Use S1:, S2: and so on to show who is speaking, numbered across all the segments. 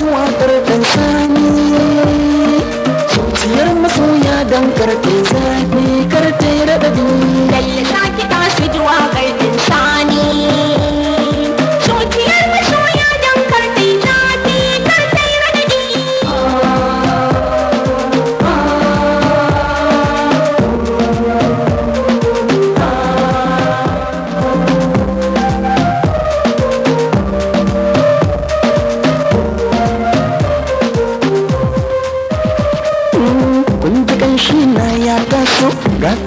S1: zuwa waƙar ɗan sani zuciyar masoya don karfe zafi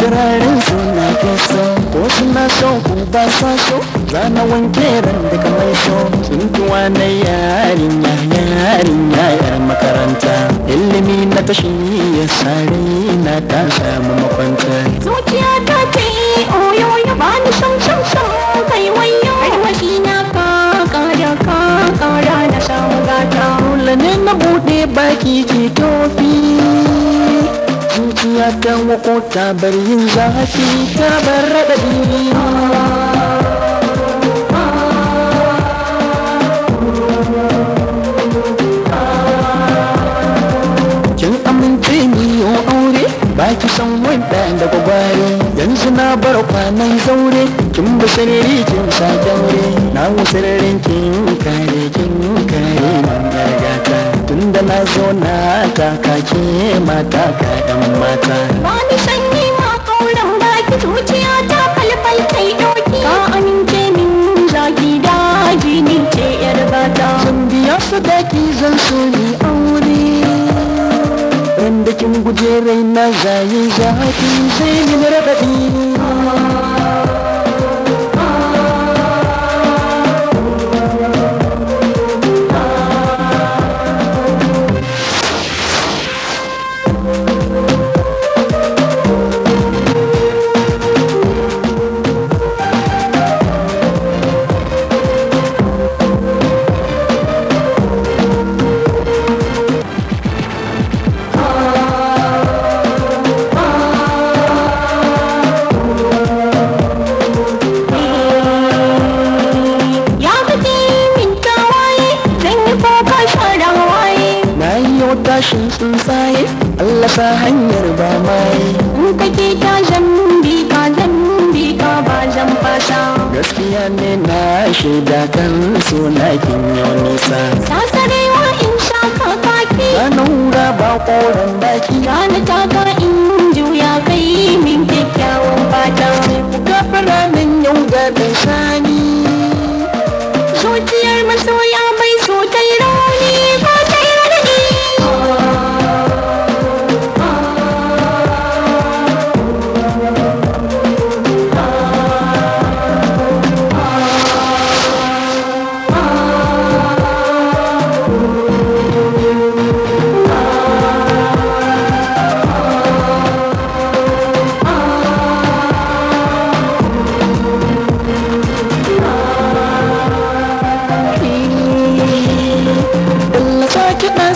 S1: turare na kusa ko suna so ku ba sa so za na wanke ran da kamar so tuntuwa na yarinya yarinya yar makaranta ilimi na tashi ya sare na ta samu makwanta zuciya ta ce ya ba ni shan shan shan kai wayo washi na ka kara ka kara na samu gata dole ne na bude baki ke ta wakota ta bar yin zafi ta bar raɗaɗi ki san wanda da gwagware yanzu na bar kwanan zaure kin bi sarari kin sa daure na wasararin kin kare kin kare gargata tunda na zo na taka ke mata ka dan mata
S2: daji ce yar
S1: bata sun biya sadaki zan so ni aure dan da kin guje raina zayi zafi sai ni raɗaɗi tashin tsuntsaye Allah sa hanyar ba mai mu kake ta bi ka dan
S2: ka ba jan fasha
S1: gaskiya ne na shaida kan suna kin yau nisa
S2: sasarewa in sha kakaki na nura ba koren baki rana ta ka in juya kai min kyakkyawan fata sai ku gafara min yau gaban sani zuciyar masoya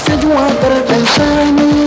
S2: said you want better than shiny